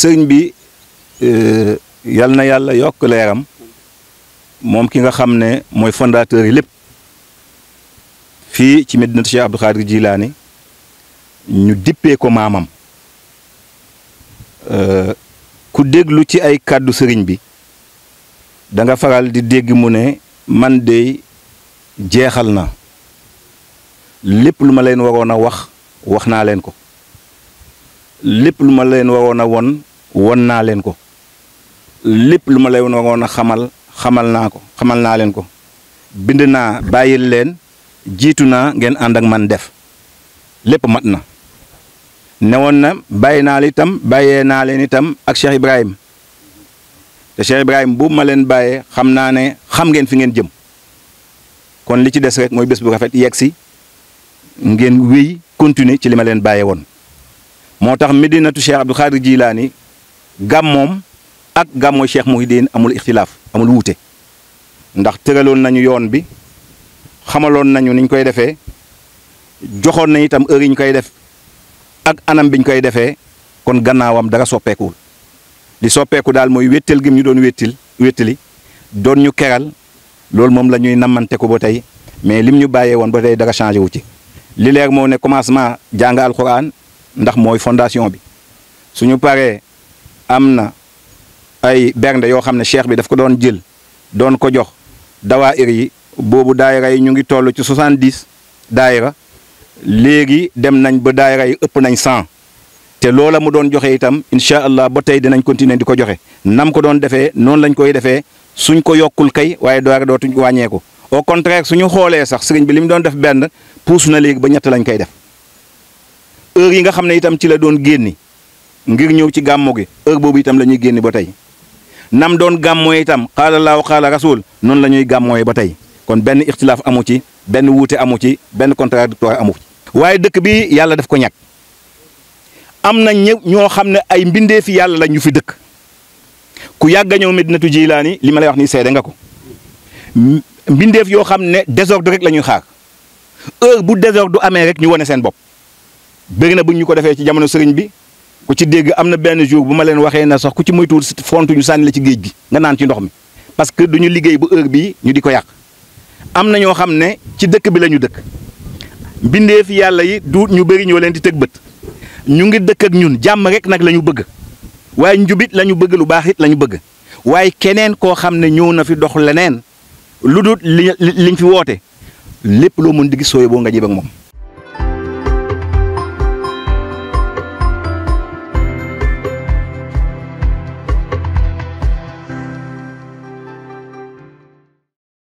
sëriñ bi euh, yal na yàlla yokk leeram moom ki nga xam ne mooy fondateur yi lépp fii ci Medinatu Cheikh Abdou Khadir Jilaani ñu dippee ko maamam euh, ku déglu ci ay kàddu sëriñ bi danga nga faral di dégg mu ne man de jeexal na lépp lu ma leen waroon a wax wax naa leen ko lépp lu ma leen waroon a won won na len ko lepp luma lay won wona xamal xamal naa ko xamal na len ko bind na bàyyil leen jiitu ngeen and ak man def lepp matna na na bayina li tam itam bàyyee itam ak Cheikh Ibrahim te Cheikh Ibrahim bu ma len baye xam naa ne xam ngeen fi ngeen jëm kon li ci dess rek moy bes bu rafet yegg ngeen wéy continuer ci lima len baye won motax Medinatu Cheikh Abdou Khadir jilani moom ak gàmmoo Cheikh Mouhidine amul ixtilaaf amul wuute ndax tëraloon nañu yoon bi xamaloon nañu niñ koy defee joxoon nañ itam heure yi ñu koy def ak anam biñ koy defee kon gannaawam dara soppeekuwul li soppeeku daal mooy wéttal gi ñu doon wéttil wéttali doon ñu keral loolu moom la ñuy nammante ko ba tey mais lim ñu bàyyee woon ba tey dara changé wu ci li leer moo ne commencement jàng alquran ndax mooy fondation bi suñu paree am na ay bernde yoo xam ne cheikh bi daf ko doon jël doon ko jox dawaa dawaayir yi boobu daayira yi ñu ngi toll ci soixante-dix daayira léegi dem nañ ba daayira yi ëpp nañ cent te loola mu doon joxe itam incha allah ba tey dinañ continuer di ko joxe nam ko doon defee noonu lañ koy defee suñ ko yokkul kay waaye daara dootuñ wàññeeku au contraire suñu xoolee sax sëriñ bi li mu doon def benn puus na léegi ba ñett lañ koy def heure yi nga xam ne itam ci la doon génni ngir ñëw ci gàmmu gi heure boobu itam la ñuy génn ba tey nam doon gàmmoo itam xaala laaw xaala rasul noonu la ñuy gàmmooyee ba tey kon benn ixtilaaf amu ci benn wuute amu ci benn contradictoire amu ci waaye dëkk bi yàlla def ko ñag am na ñëpp ñoo xam ne ay mbindeef yàlla la ñu fi dëkk ku yàgg a ñëw Medinatu Jilaani li ma lay wax nii seede nga ko mbindeef yoo xam ne désordre rek la ñuy xaar heure bu désordre du amee rek ñu wane seen bopp bëri na bu ñu ko defee ci jamono sëriñ bi ku ci dégg am na benn jour bu ma leen waxee na sax ku ci moytuwul fontu ñu sànni la ci géej gi nga naan ci ndox mi parce que duñu liggéey ba heure bii ñu di ko yàq am na ñoo xam ne ci dëkk bi la ñu dëkk mbindeef yàlla yi du ñu bëri ñoo leen di tëg bët ñu ngi dëkk ak ñun jàmm rek nag la ñu bëgg waaye njubit la ñu bëgg lu baax it la ñu bëgg waaye keneen koo xam ne ñëw na fi dox leneen lu dul li liñ fi woote lépp loo mën di gis sooy nga jëb ak moom